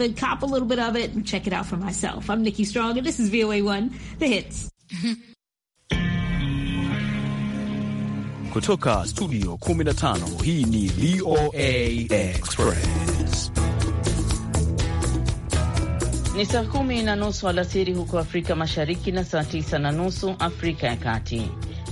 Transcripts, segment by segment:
but cop a little bit of it and check it out for myself. I'm Nikki Strong, and this is VOA1, The Hits. Kutoka Studio 15, hii ni VOA Express. Ni saa kumi na nusu alasiri huko Afrika Mashariki na saa tisa na nusu Afrika ya Kati.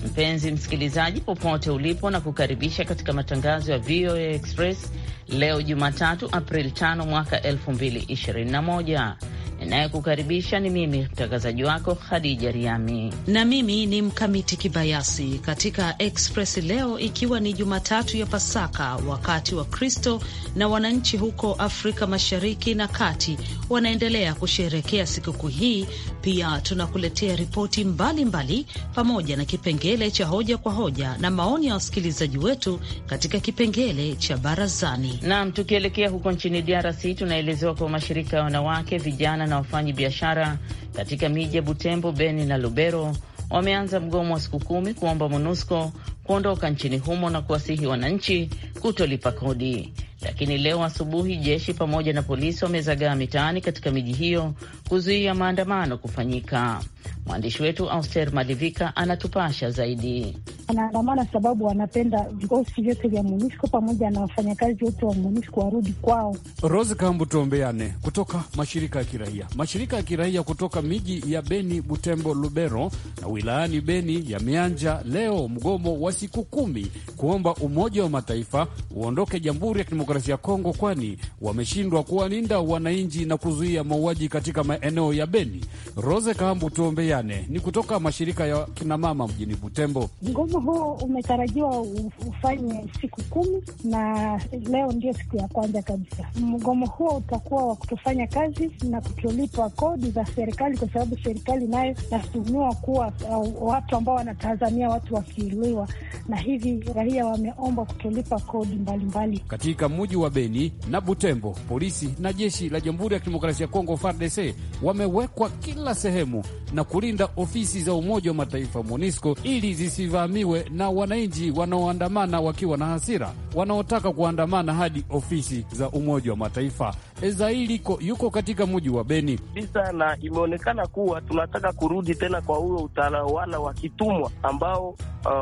Mpenzi msikilizaji, popote ulipo na kukaribisha katika matangazo ya VOA Express leo Jumatatu Aprili 5 mwaka 2021. Ninayekukaribisha ni mimi mtangazaji wako Khadija Riami, na mimi ni Mkamiti Kibayasi katika Express leo, ikiwa ni Jumatatu ya Pasaka, wakati wa Kristo na wananchi huko Afrika Mashariki na Kati wanaendelea kusherekea sikukuu hii. Pia tunakuletea ripoti mbalimbali pamoja na kipengele cha hoja kwa hoja na maoni ya wasikilizaji wetu katika kipengele cha barazani. Naam, tukielekea huko nchini DRC tunaelezewa kwa mashirika ya wanawake, vijana na wafanyi biashara katika miji ya Butembo, Beni na Lubero wameanza mgomo wa siku kumi kuomba MONUSCO kuondoka nchini humo na kuwasihi wananchi kutolipa kodi. Lakini leo asubuhi jeshi pamoja na polisi wamezagaa mitaani katika miji hiyo kuzuia maandamano kufanyika. Mwandishi wetu Auster Malivika anatupasha zaidi. Anaandamana sababu wanapenda vikosi vyote vya MONUSCO pamoja na wafanyakazi wote wa MONUSCO warudi kwao. Rose Kambu tuombeane kutoka mashirika ya kiraia. Mashirika ya kiraia kutoka miji ya Beni, Butembo, Lubero na wilayani Beni yameanja leo mgomo wa siku kumi kuomba Umoja wa Mataifa uondoke Jamhuri ya Kidemokrasia ya Kongo, kwani wameshindwa kuwalinda wananchi na kuzuia mauaji katika maeneo ya Beni. Rose Kambu tuombe Tutembeane ni kutoka mashirika ya kinamama mjini Butembo. Mgomo huu umetarajiwa ufanye siku kumi na leo ndio siku ya kwanza kabisa. Mgomo huo utakuwa wa kutofanya kazi na kutolipwa kodi za serikali, kwa sababu serikali nayo nasumiwa kuwa uh, watu ambao wanatazamia watu wakiuliwa, na hivi raia wameombwa kutolipa kodi mbalimbali mbali. Katika mji wa Beni na Butembo, polisi na jeshi la Jamhuri ya Kidemokrasia ya Kongo FARDC wamewekwa kila sehemu na kulinda ofisi za Umoja wa Mataifa MONUSCO ili zisivamiwe na wananchi wanaoandamana wakiwa na hasira, wanaotaka kuandamana hadi ofisi za Umoja wa Mataifa. Ezaili yuko katika mji wa Beni kabisa, na imeonekana kuwa tunataka kurudi tena kwa huyo utawala wa kitumwa ambao, uh,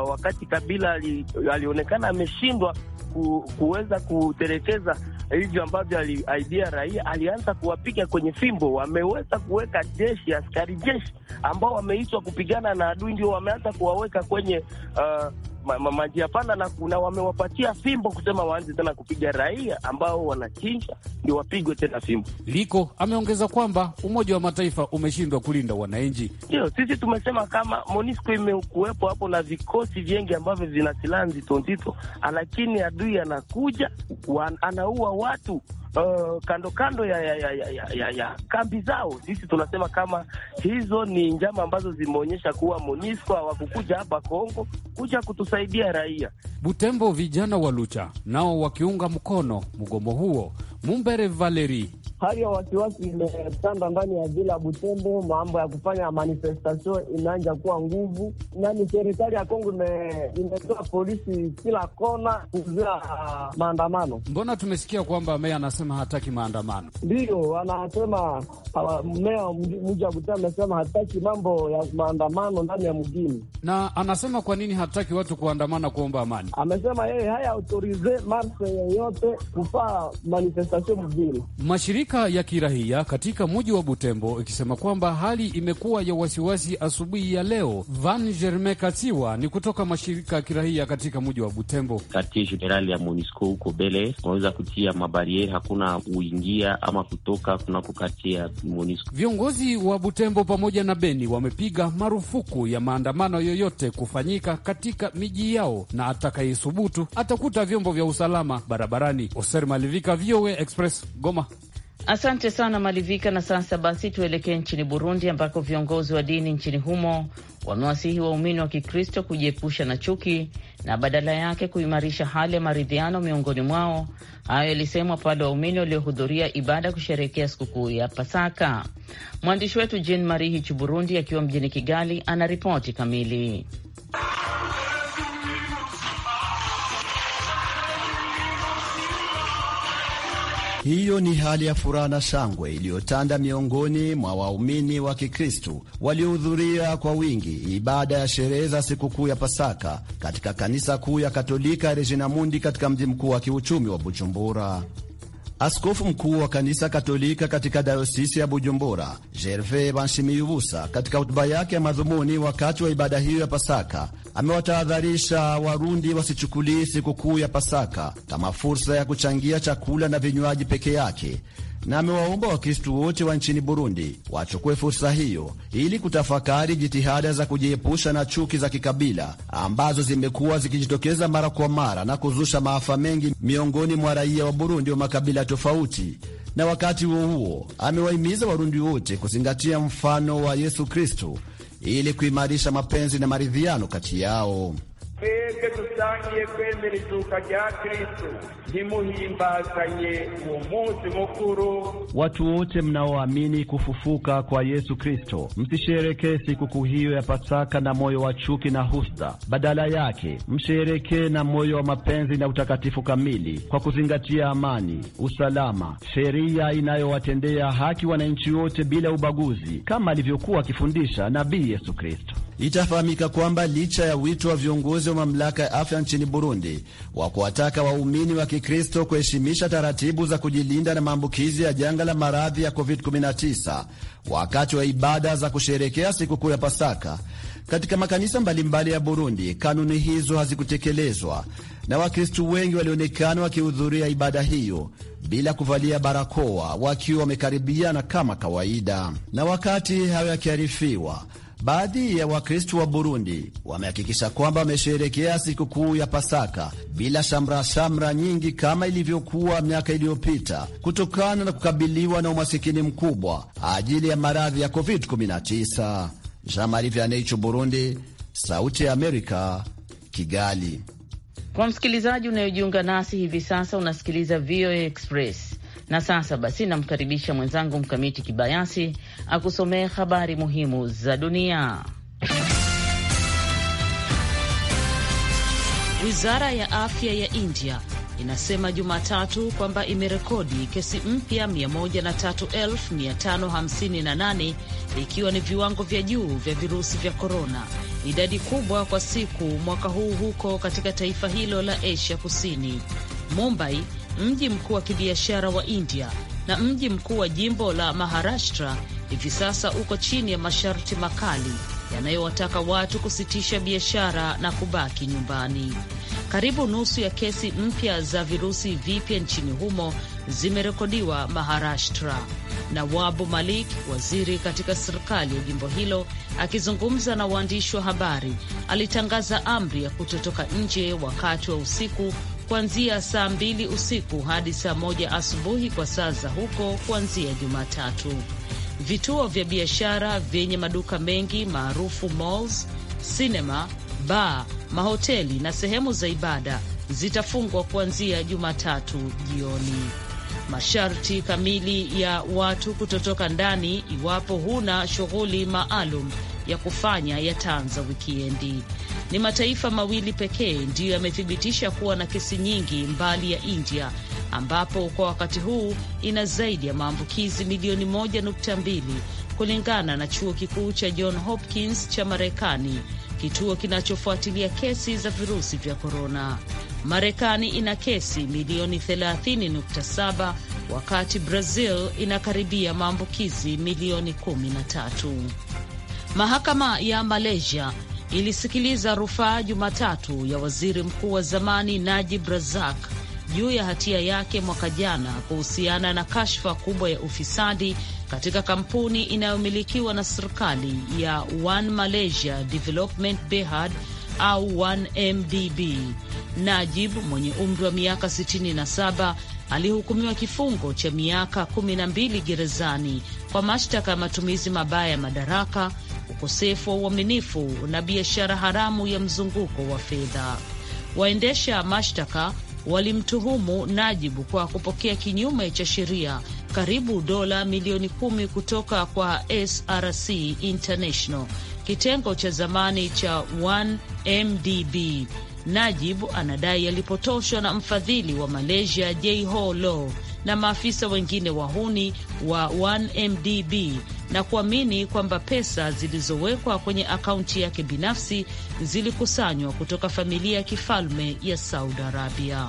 wakati Kabila ali, alionekana ameshindwa ku, kuweza kuterekeza hivyo ambavyo aliaidia raia, alianza kuwapiga kwenye fimbo. Wameweza kuweka jeshi, askari jeshi ambao wameitwa kupigana na adui, ndio wameanza kuwaweka kwenye uh, majia panda na, na wamewapatia fimbo kusema waanze tena kupiga raia ambao wanachinja ndio wapigwe tena fimbo. Liko ameongeza kwamba Umoja wa Mataifa umeshindwa kulinda wananchi. Ndio sisi tumesema kama MONUSCO imekuwepo hapo na vikosi vyengi ambavyo vina silaha nzito nzito, lakini adui anakuja anaua watu uh, kando kando ya, ya, ya, ya, ya, ya kambi zao. Sisi tunasema kama hizo ni njama ambazo zimeonyesha kuwa MONUSCO hawakukuja hapa Kongo kuja kutusaidia raia. Butembo, vijana wa Lucha nao wakiunga mkono mgomo huo. Mumbere Valeri Hali ya wasiwasi imetanda ndani ya jela ya Butembo. Mambo ya kufanya manifestation inaanja kuwa nguvu, nani serikali ya Kongo imetoa polisi kila kona kuzuia ah, maandamano. Mbona tumesikia kwamba meya anasema anasema hataki maandamano. Ndiyo, anasema meya mji wa Butea amesema hataki mambo ya maandamano ndani ya mjini, na anasema kwa nini hataki watu kuandamana kuomba amani. Amesema yeye haya autorize marse yeyote kufaa manifestation mjini. Mashirika ya kirahia katika mji wa Butembo ikisema kwamba hali imekuwa ya wasiwasi asubuhi ya leo. Van Germe Kasiwa ni kutoka mashirika ya kirahia katika mji wa Butembo. katia jenerali ya MONUSCO huko Bele wameweza kutia mabariera hakuna kuingia ama kutoka kukatia MONUSCO. Viongozi wa Butembo pamoja na Beni wamepiga marufuku ya maandamano yoyote kufanyika katika miji yao, na atakayesubutu atakuta vyombo vya usalama barabarani. Oser Malivika, VOA Express, Goma. Asante sana Malivika. Na sasa basi tuelekee nchini Burundi, ambako viongozi wa dini nchini humo wamewasihi waumini wa Kikristo kujiepusha na chuki na badala yake kuimarisha hali ya maridhiano miongoni mwao, Hayo yalisemwa pale waumini waliohudhuria ibada kusherehekea sikukuu ya Pasaka. Mwandishi wetu Jean Marie Hichi Burundi akiwa mjini Kigali ana ripoti kamili. Hiyo ni hali ya furaha na shangwe iliyotanda miongoni mwa waumini wa Kikristu waliohudhuria kwa wingi ibada ya sherehe za sikukuu ya Pasaka katika kanisa kuu ya Katolika Regina Mundi katika mji mkuu wa kiuchumi wa Bujumbura. Askofu mkuu wa kanisa Katolika katika dayosisi ya Bujumbura, Gervais Banshimiyubusa, katika hotuba yake ya madhumuni wakati wa ibada hiyo ya Pasaka, amewatahadharisha Warundi wasichukulie sikukuu ya Pasaka kama fursa ya kuchangia chakula na vinywaji peke yake, na amewaomba wakristu wote wa nchini Burundi wachukue fursa hiyo ili kutafakari jitihada za kujiepusha na chuki za kikabila ambazo zimekuwa zikijitokeza mara kwa mara na kuzusha maafa mengi miongoni mwa raia wa Burundi wa makabila tofauti. Na wakati huo huo amewahimiza Warundi wote kuzingatia mfano wa Yesu kristu ili kuimarisha mapenzi na maridhiano kati yao twebwe dusangiye kwemera izuka rya kristu ntimuhimbazanye uwo munsi mukuru watu wote mnaoamini kufufuka kwa yesu kristo msisherekee sikukuu hiyo ya pasaka na moyo wa chuki na husta badala yake msherekee na moyo wa mapenzi na utakatifu kamili kwa kuzingatia amani usalama sheria inayowatendea haki wananchi wote bila ubaguzi kama alivyokuwa akifundisha nabii yesu kristo itafahamika kwamba licha ya wito wa viongozi wa mamlaka ya afya nchini Burundi wa kuwataka waumini wa Kikristo kuheshimisha taratibu za kujilinda na maambukizi ya janga la maradhi ya COVID-19 wakati wa ibada za kusherekea sikukuu ya Pasaka katika makanisa mbalimbali ya Burundi, kanuni hizo hazikutekelezwa na Wakristu wengi walionekana wakihudhuria ibada hiyo bila kuvalia barakoa wakiwa wamekaribiana kama kawaida. Na wakati hayo yakiarifiwa Baadhi ya Wakristu wa Burundi wamehakikisha kwamba wamesherekea sikukuu ya Pasaka bila shamra shamra nyingi kama ilivyokuwa miaka iliyopita kutokana na kukabiliwa na umasikini mkubwa ajili ya maradhi ya COVID-19. Jamarivaneicho, Burundi. Sauti ya Amerika, Kigali. Kwa msikilizaji unayojiunga nasi hivi sasa, unasikiliza VOA Express. Na sasa basi, namkaribisha mwenzangu Mkamiti Kibayasi akusomee habari muhimu za dunia. Wizara ya afya ya India inasema Jumatatu kwamba imerekodi kesi mpya 103,558 ikiwa ni viwango vya juu vya virusi vya korona, idadi kubwa kwa siku mwaka huu huko katika taifa hilo la Asia Kusini. Mumbai mji mkuu wa kibiashara wa India na mji mkuu wa jimbo la Maharashtra, hivi sasa uko chini ya masharti makali yanayowataka watu kusitisha biashara na kubaki nyumbani. Karibu nusu ya kesi mpya za virusi vipya nchini humo zimerekodiwa Maharashtra. Nawabu Malik, waziri katika serikali ya jimbo hilo, akizungumza na waandishi wa habari, alitangaza amri ya kutotoka nje wakati wa usiku kuanzia saa mbili usiku hadi saa moja asubuhi kwa saa za huko kuanzia Jumatatu. Vituo vya biashara vyenye maduka mengi maarufu malls, sinema, baa, mahoteli na sehemu za ibada zitafungwa kuanzia Jumatatu jioni. Masharti kamili ya watu kutotoka ndani, iwapo huna shughuli maalum ya kufanya yataanza wikiendi. Ni mataifa mawili pekee ndiyo yamethibitisha kuwa na kesi nyingi mbali ya India ambapo kwa wakati huu ina zaidi ya maambukizi milioni moja nukta mbili kulingana na chuo kikuu cha John Hopkins cha Marekani, kituo kinachofuatilia kesi za virusi vya korona. Marekani ina kesi milioni 30.7 wakati Brazil inakaribia maambukizi milioni 13. Mahakama ya Malaysia ilisikiliza rufaa Jumatatu ya waziri mkuu wa zamani Najib Razak juu ya hatia yake mwaka jana kuhusiana na kashfa kubwa ya ufisadi katika kampuni inayomilikiwa na serikali ya One Malaysia Development Berhad au 1MDB. Najib mwenye umri wa miaka 67 alihukumiwa kifungo cha miaka 12 gerezani kwa mashtaka ya matumizi mabaya ya madaraka, ukosefu wa uaminifu na biashara haramu ya mzunguko wa fedha. Waendesha mashtaka walimtuhumu Najibu kwa kupokea kinyume cha sheria karibu dola milioni kumi kutoka kwa SRC International, kitengo cha zamani cha 1MDB Najib anadai alipotoshwa na mfadhili wa Malaysia Jho Low na maafisa wengine wahuni wa 1MDB na kuamini kwamba pesa zilizowekwa kwenye akaunti yake binafsi zilikusanywa kutoka familia ya kifalme ya Saudi Arabia.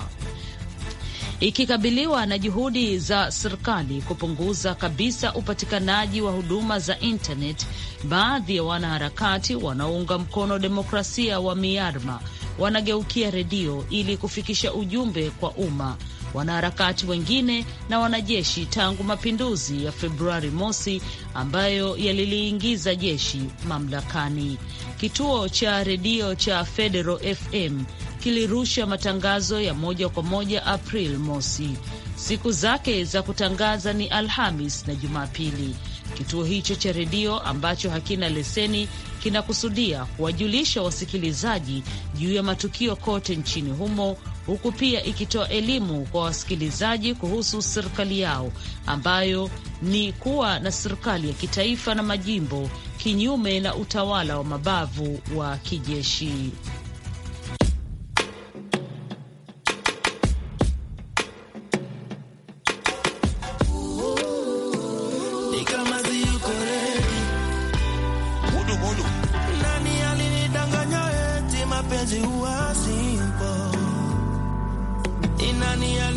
Ikikabiliwa na juhudi za serikali kupunguza kabisa upatikanaji wa huduma za intanet, baadhi ya wanaharakati wanaounga mkono demokrasia wa Myanmar wanageukia redio ili kufikisha ujumbe kwa umma, wanaharakati wengine na wanajeshi tangu mapinduzi ya Februari mosi ambayo yaliliingiza jeshi mamlakani. Kituo cha redio cha Federal FM kilirusha matangazo ya moja kwa moja April mosi. Siku zake za kutangaza ni Alhamis na Jumapili. Kituo hicho cha redio ambacho hakina leseni kinakusudia kuwajulisha wasikilizaji juu ya matukio kote nchini humo, huku pia ikitoa elimu kwa wasikilizaji kuhusu serikali yao ambayo ni kuwa na serikali ya kitaifa na majimbo, kinyume na utawala wa mabavu wa kijeshi.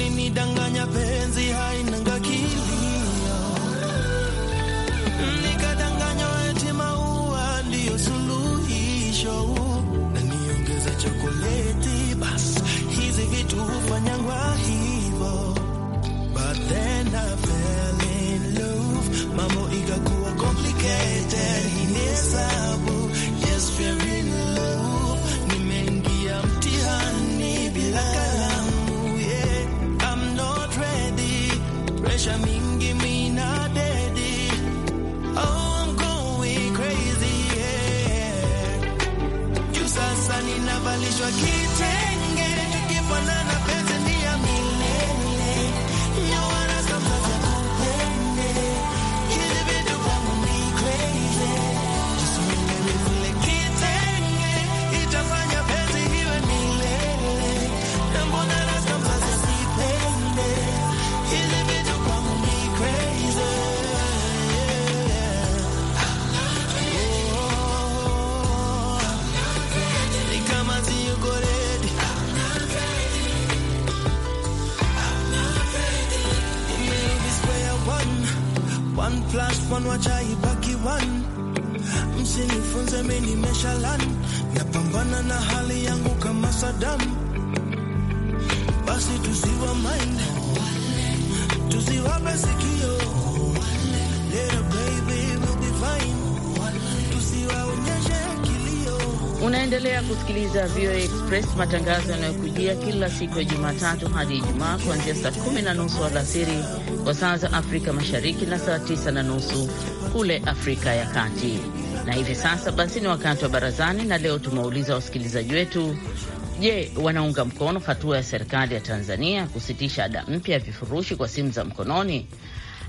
danganya penzi hainanga kilio, nikadanganywa eti maua ndiyo suluhisho na niongeza chokoleti, basi hizi vitu hufanyangwa I can't Express, matangazo yanayokujia kila siku ya Jumatatu hadi Ijumaa kuanzia saa kumi na nusu alasiri kwa saa za Afrika Mashariki na saa tisa na nusu kule Afrika ya Kati. Na hivi sasa basi ni wakati wa barazani, na leo tumewauliza wasikilizaji wetu, je, wanaunga mkono hatua ya serikali ya Tanzania kusitisha ada mpya ya vifurushi kwa simu za mkononi?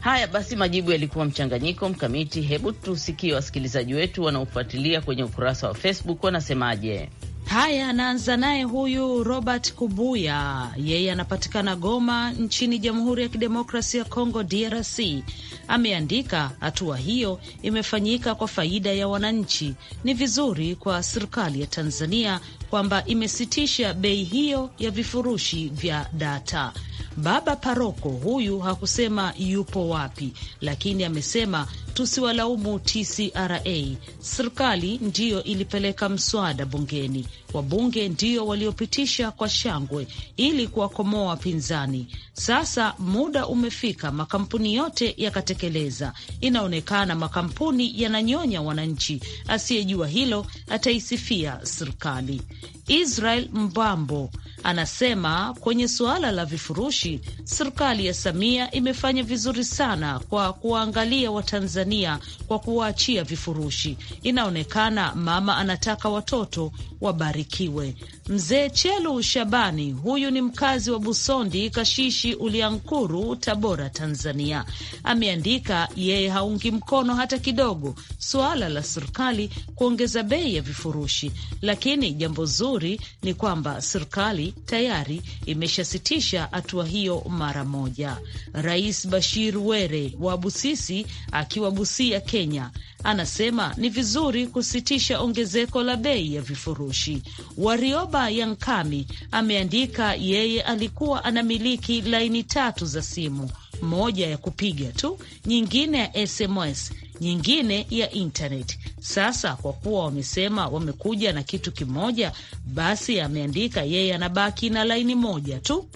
Haya basi, majibu yalikuwa mchanganyiko. Mkamiti, hebu tusikie wasikilizaji wetu wanaofuatilia kwenye ukurasa wa Facebook wanasemaje. Haya, anaanza naye huyu Robert Kubuya, yeye anapatikana Goma nchini Jamhuri ya Kidemokrasia ya Kongo, DRC. Ameandika hatua hiyo imefanyika kwa faida ya wananchi. Ni vizuri kwa serikali ya Tanzania kwamba imesitisha bei hiyo ya vifurushi vya data. Baba paroko huyu hakusema yupo wapi, lakini amesema tusiwalaumu TCRA. Serikali ndiyo ilipeleka mswada bungeni, wabunge ndiyo waliopitisha kwa shangwe ili kuwakomoa wapinzani. Sasa muda umefika makampuni yote yakatekeleza. Inaonekana makampuni yananyonya wananchi. Asiyejua hilo ataisifia serikali. Israel Mbambo anasema kwenye suala la vifurushi, serikali ya Samia imefanya vizuri sana kwa kuwaangalia Watanzania kwa kuwaachia vifurushi. Inaonekana mama anataka watoto wabarikiwe. Mzee Chelu Shabani, huyu ni mkazi wa Busondi Kashishi, Uliankuru, Tabora, Tanzania, ameandika yeye haungi mkono hata kidogo suala la serikali kuongeza bei ya vifurushi, lakini jambo zuri nzuri ni kwamba serikali tayari imeshasitisha hatua hiyo mara moja. Rais Bashir Were wa Busisi akiwa Busia, Kenya, anasema ni vizuri kusitisha ongezeko la bei ya vifurushi. Warioba Yankami ameandika yeye alikuwa anamiliki laini tatu za simu, moja ya kupiga tu, nyingine ya SMS nyingine ya intaneti. Sasa kwa kuwa wamesema wamekuja na kitu kimoja, basi ameandika yeye anabaki na laini moja tu.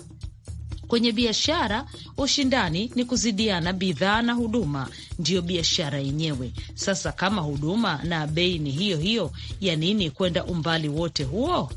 Kwenye biashara ushindani ni kuzidiana bidhaa na huduma, ndiyo biashara yenyewe. Sasa kama huduma na bei ni hiyo hiyo, ya nini kwenda umbali wote huo?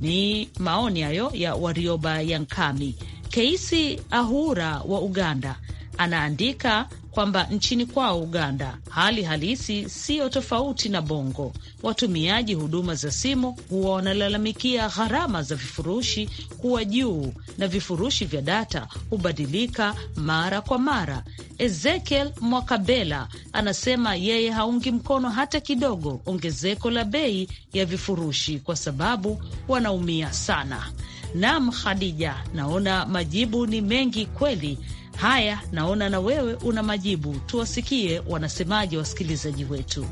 Ni maoni hayo ya Warioba Yankami. Keisi Ahura wa Uganda anaandika kwamba nchini kwao Uganda hali halisi siyo tofauti na Bongo. Watumiaji huduma za simu huwa wanalalamikia gharama za vifurushi kuwa juu na vifurushi vya data hubadilika mara kwa mara. Ezekiel Mwakabela anasema yeye haungi mkono hata kidogo ongezeko la bei ya vifurushi kwa sababu wanaumia sana. Naam, Khadija, naona majibu ni mengi kweli Haya, naona na wewe una majibu, tuwasikie wanasemaje wasikilizaji wetu.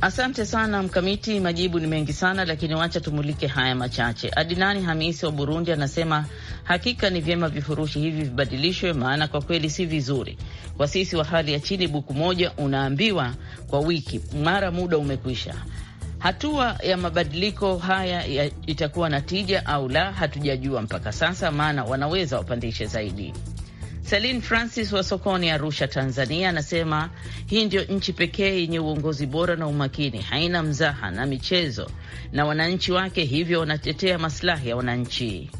Asante sana Mkamiti, majibu ni mengi sana lakini wacha tumulike haya machache. Adinani Hamisi wa Burundi anasema hakika ni vyema vifurushi hivi vibadilishwe, maana kwa kweli si vizuri. Kwa sisi wa hali ya chini, buku moja unaambiwa kwa wiki, mara muda umekwisha. Hatua ya mabadiliko haya ya itakuwa na tija au la, hatujajua mpaka sasa, maana wanaweza wapandishe zaidi. Celine Francis wa sokoni Arusha, Tanzania, anasema hii ndiyo nchi pekee yenye uongozi bora na umakini, haina mzaha na michezo na wananchi wake, hivyo wanatetea masilahi ya wananchi.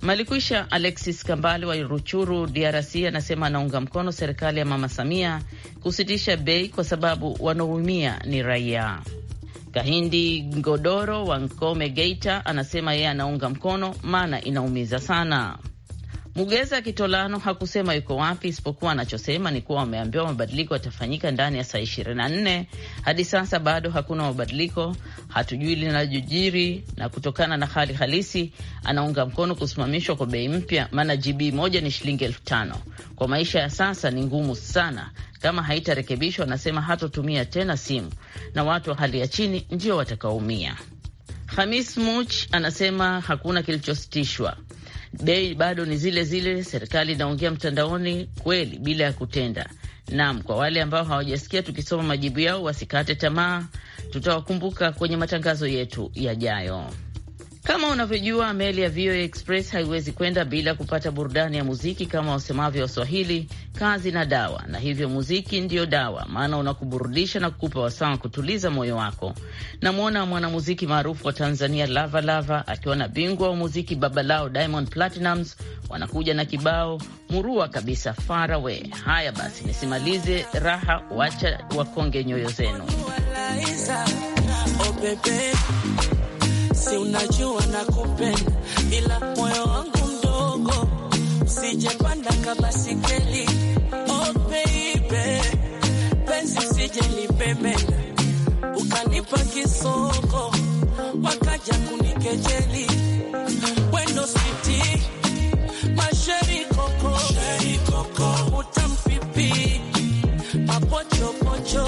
Malikuisha Alexis Kambale wa Ruchuru, DRC, anasema anaunga mkono serikali ya Mama Samia kusitisha bei kwa sababu wanaoumia ni raia. Kahindi Ngodoro wa Nkome, Geita, anasema yeye anaunga mkono maana inaumiza sana. Mugeza Kitolano hakusema yuko wapi, isipokuwa anachosema ni kuwa wameambiwa mabadiliko yatafanyika ndani ya saa ishirini na nne. Hadi sasa bado hakuna mabadiliko, hatujui linajojiri na kutokana na hali halisi anaunga mkono kusimamishwa kwa bei mpya, maana GB moja ni shilingi elfu tano kwa maisha ya sasa ni ngumu sana. Kama haitarekebishwa, anasema hatotumia tena simu, na watu wa hali ya chini ndio watakaoumia. Hamis Much anasema hakuna kilichositishwa bei bado ni zile zile, serikali inaongea mtandaoni kweli bila ya kutenda. Naam, kwa wale ambao hawajasikia tukisoma majibu yao wasikate tamaa, tutawakumbuka kwenye matangazo yetu yajayo. Kama unavyojua, meli ya VOA Express haiwezi kwenda bila kupata burudani ya muziki, kama wasemavyo Waswahili kazi na dawa, na hivyo muziki ndiyo dawa, maana unakuburudisha na kukupa wasaa wa kutuliza moyo wako. Namwona mwanamuziki maarufu wa Tanzania Lava Lava akiwa na bingwa wa muziki baba lao Diamond Platinums wanakuja na kibao murua kabisa Faraway. Haya basi, nisimalize raha, wacha wakonge nyoyo zenu. Oh, si unajua nakupenda ila moyo wangu sijapanda kabasikeli, oh baby, penzi sijalibebela, ukanipa kisoko, wakaja kunikejeli, wendo siti masheri koko, utampipi mapochopocho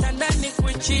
kitandani kwichi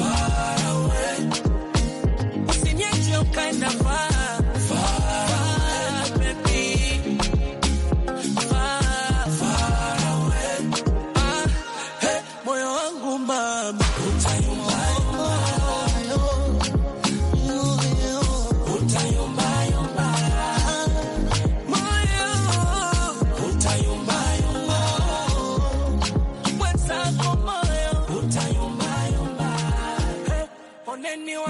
kind of fun.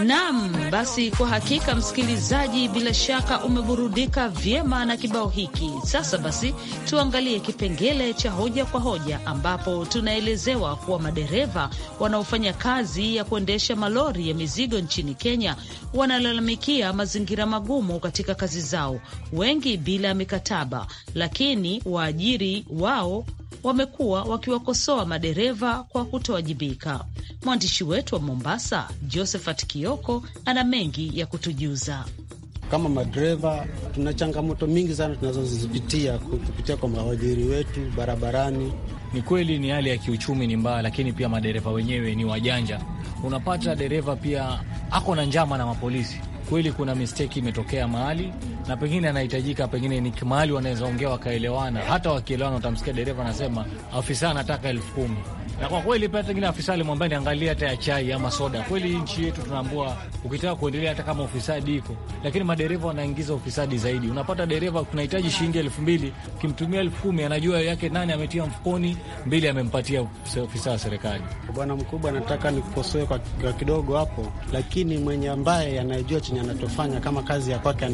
Naam, basi kwa hakika, msikilizaji, bila shaka umeburudika vyema na kibao hiki. Sasa basi, tuangalie kipengele cha hoja kwa hoja, ambapo tunaelezewa kuwa madereva wanaofanya kazi ya kuendesha malori ya mizigo nchini Kenya wanalalamikia mazingira magumu katika kazi zao, wengi bila mikataba, lakini waajiri wao wamekuwa wakiwakosoa madereva kwa kutowajibika. Mwandishi wetu wa Mombasa, Josephat Kioko, ana mengi ya kutujuza. Kama madereva tuna changamoto mingi sana tunazozipitia kupitia kwa mawajiri wetu barabarani. Ni kweli ni hali ya kiuchumi ni mbaya, lakini pia madereva wenyewe ni wajanja. Unapata dereva pia ako na njama na mapolisi kweli kuna mistake imetokea mahali, na pengine anahitajika, pengine ni mahali wanaweza ongea wakaelewana. Hata wakielewana, utamsikia dereva anasema afisa anataka elfu kumi na kwa kweli pia pengine afisa alimwambia niangalie hata ya chai ama soda. Kweli nchi yetu tunaambua, ukitaka kuendelea hata kama ufisadi iko, lakini madereva wanaingiza ufisadi zaidi. Unapata dereva kunahitaji shilingi elfu mbili kimtumia elfu kumi anajua yake nane ametia mfukoni, mbili amempatia ofisa wa serikali. Bwana mkubwa, nataka nikukosoe kwa kidogo hapo, lakini mwenye ambaye anayejua chenye anachofanya anachofanya kama kazi ya kwake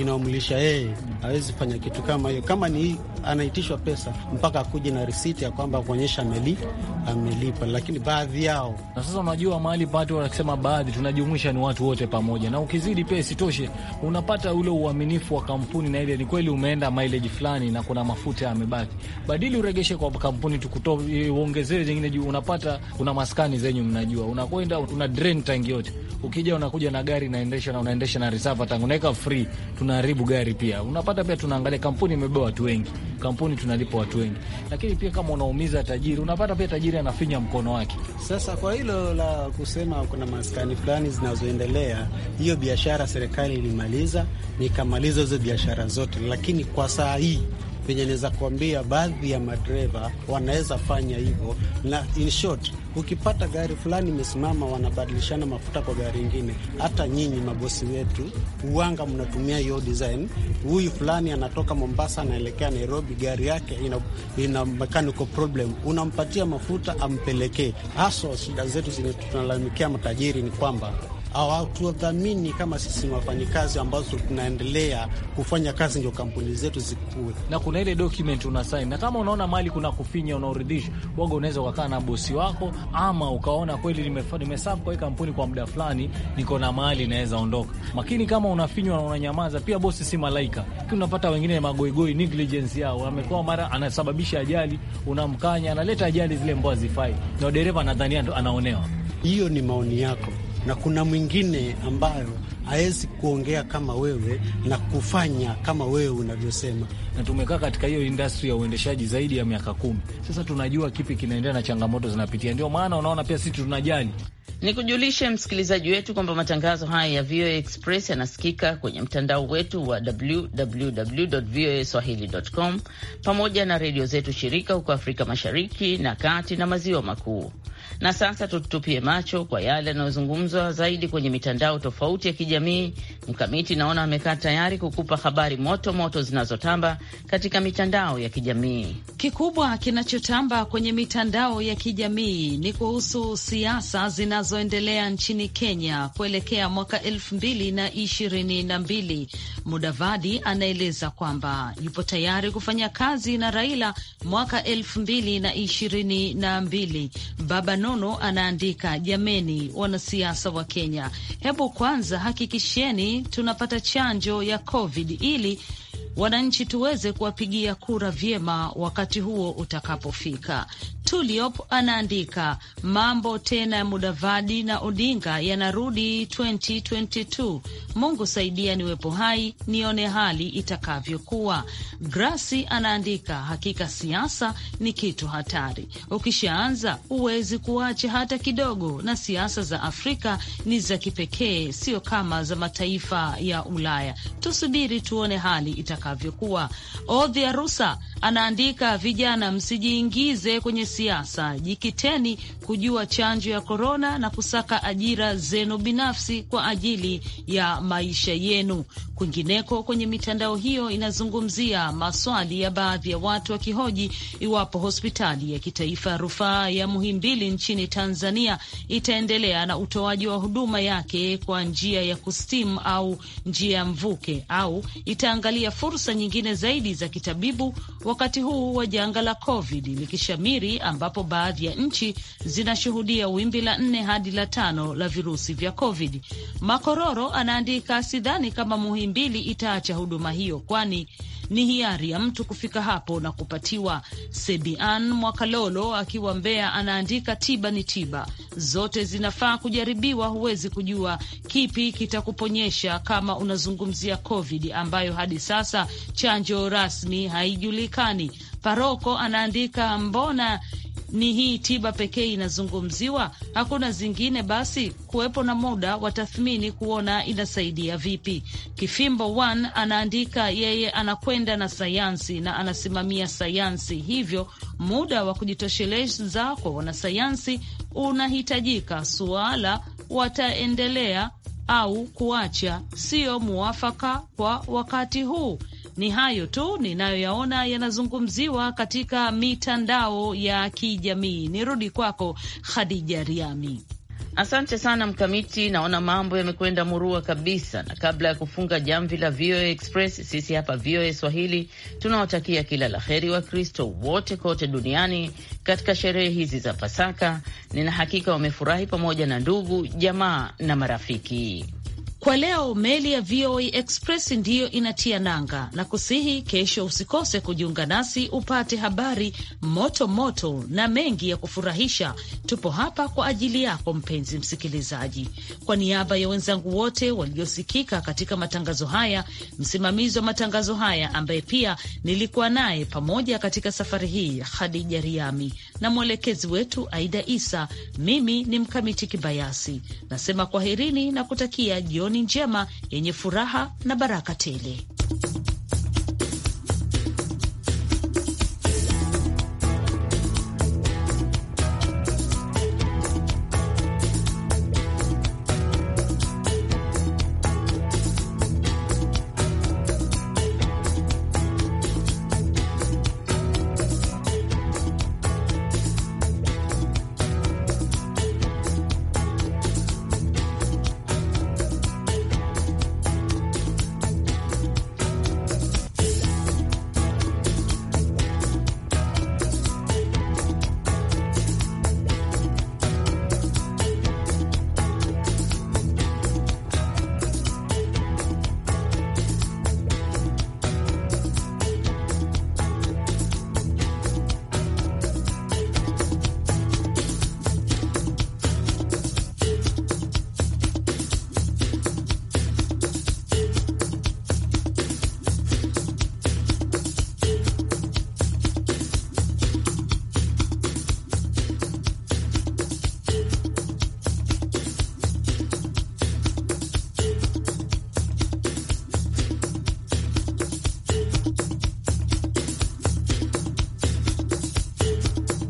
inaomlisha yeye, hawezi fanya kitu kama hiyo. Kama ni anaitishwa pesa mpaka akuje na risiti ya kwamba kuonyesha amelipa, amelipa. Lakini baadhi yao na sasa, unajua mahali patu wanasema baadhi, tunajumuisha ni watu wote pamoja, na ukizidi pia isitoshe, unapata ule uaminifu wa kampuni na ile ni kweli umeenda mileage fulani na kuna mafuta yamebaki, badili uregeshe kwa kampuni tukuto e, uongezee zingine juu. Unapata kuna maskani zenyu, mnajua unakwenda una drain tangi yote, ukija unakuja na gari naendesha na una tunaendesha na reserve tangunaweka free, tunaharibu gari pia. Unapata pia tunaangalia kampuni imebeba watu wengi, kampuni tunalipa watu wengi, lakini pia kama unaumiza tajiri, unapata pia tajiri anafinya mkono wake. Sasa kwa hilo la kusema kuna maskani fulani zinazoendelea, hiyo biashara serikali ilimaliza, nikamaliza hizo biashara zote, lakini kwa saa hii venye naweza kuambia baadhi ya madereva wanaweza fanya hivyo, na in short, ukipata gari fulani imesimama, wanabadilishana mafuta kwa gari ingine. Hata nyinyi mabosi wetu uwanga mnatumia hiyo design. Huyu fulani anatoka Mombasa anaelekea Nairobi, gari yake ina, ina mechanical problem, unampatia mafuta ampelekee. Haswa shida zetu zenye tunalalamikia matajiri ni kwamba hawatudhamini kama sisi ni wafanyikazi ambazo tunaendelea kufanya kazi ndio kampuni zetu zikuwe, Na kuna ile document unasaini, na kama unaona mali kuna kufinya unaoridhisha waga, unaweza ukakaa na bosi wako, ama ukaona kweli nimesabu kwa hii kampuni kwa muda fulani, niko na mali inaweza ondoka. Lakini kama unafinywa na unanyamaza, pia bosi si malaika. Unapata wengine magoigoi, negligence yao amekuwa mara anasababisha ajali, unamkanya, analeta ajali zile mbao zifai, na dereva nadhania anaonewa. Hiyo ni maoni yako na kuna mwingine ambayo hawezi kuongea kama wewe na kufanya kama wewe unavyosema. Na tumekaa katika hiyo industry ya uendeshaji zaidi ya miaka kumi sasa, tunajua kipi kinaendelea na changamoto zinapitia. Ndio maana unaona pia sisi tunajali. kujulishe msikilizaji wetu kwamba matangazo haya ya VOA Express yanasikika kwenye mtandao wetu wa www.voaswahili.com pamoja na redio zetu shirika huko Afrika Mashariki na Kati na Maziwa Makuu. Na sasa tutupie macho kwa yale yanayozungumzwa zaidi kwenye mitandao tofauti ya kijamii. Mkamiti naona amekaa tayari kukupa habari moto moto zinazotamba katika mitandao ya kijamii. Kikubwa kinachotamba kwenye mitandao ya kijamii ni kuhusu siasa zinazoendelea nchini Kenya kuelekea mwaka elfu mbili na ishirini na mbili. Mudavadi anaeleza kwamba yupo tayari kufanya kazi na Raila mwaka elfu mbili na ishirini na mbili. Baba no Nono anaandika, jameni, wanasiasa wa Kenya, hebu kwanza hakikisheni tunapata chanjo ya COVID ili wananchi tuweze kuwapigia kura vyema wakati huo utakapofika. Tuliop anaandika mambo tena ya Mudavadi na Odinga yanarudi 2022. Mungu saidia niwepo hai nione hali itakavyokuwa. Grasi anaandika hakika siasa ni kitu hatari, ukishaanza huwezi kuacha hata kidogo, na siasa za Afrika ni za kipekee, sio kama za mataifa ya Ulaya. Tusubiri tuone hali itakavyokuwa. Odhia Rusa anaandika vijana, msijiingize kwenye kisiasa. jikiteni kujua chanjo ya korona na kusaka ajira zenu binafsi kwa ajili ya maisha yenu. Kwingineko kwenye mitandao hiyo inazungumzia maswali ya baadhi ya watu wakihoji iwapo hospitali ya kitaifa ya rufaa ya Muhimbili nchini Tanzania itaendelea na utoaji wa huduma yake kwa njia ya kustim au njia ya mvuke au itaangalia fursa nyingine zaidi za kitabibu wakati huu wa janga la COVID likishamiri ambapo baadhi ya nchi zinashuhudia wimbi la nne hadi la tano la virusi vya COVID. Makororo anaandika, sidhani kama Muhimbili itaacha huduma hiyo, kwani ni hiari ya mtu kufika hapo na kupatiwa. Sebian Mwakalolo akiwa Mbeya anaandika, tiba ni tiba, zote zinafaa kujaribiwa. Huwezi kujua kipi kitakuponyesha kama unazungumzia COVID ambayo hadi sasa chanjo rasmi haijulikani. Paroko anaandika mbona ni hii tiba pekee inazungumziwa, hakuna zingine? Basi kuwepo na muda wa tathmini kuona inasaidia vipi. Kifimbo One anaandika yeye anakwenda na sayansi na anasimamia sayansi, hivyo muda wa kujitosheleza kwa wanasayansi unahitajika. Suala wataendelea au kuacha sio muafaka kwa wakati huu. Ni hayo tu ninayoyaona yanazungumziwa katika mitandao ya kijamii. Nirudi kwako Khadija Riami. Asante sana Mkamiti, naona mambo yamekwenda murua kabisa, na kabla ya kufunga jamvi la VOA Express, sisi hapa VOA Swahili tunawatakia kila la heri Wakristo wote kote duniani katika sherehe hizi za Pasaka. Nina hakika wamefurahi pamoja na ndugu, jamaa na marafiki. Kwa leo meli ya VOA e Express ndiyo inatia nanga na kusihi, kesho usikose kujiunga nasi upate habari moto moto na mengi ya kufurahisha. Tupo hapa kwa ajili yako mpenzi msikilizaji. Kwa niaba ya wenzangu wote waliosikika katika matangazo haya, msimamizi wa matangazo haya ambaye pia nilikuwa naye pamoja katika safari hii, Khadija Riami, na mwelekezi wetu Aida Isa. Mimi ni Mkamiti Kibayasi, nasema kwaherini na kutakia jioni njema yenye furaha na baraka tele.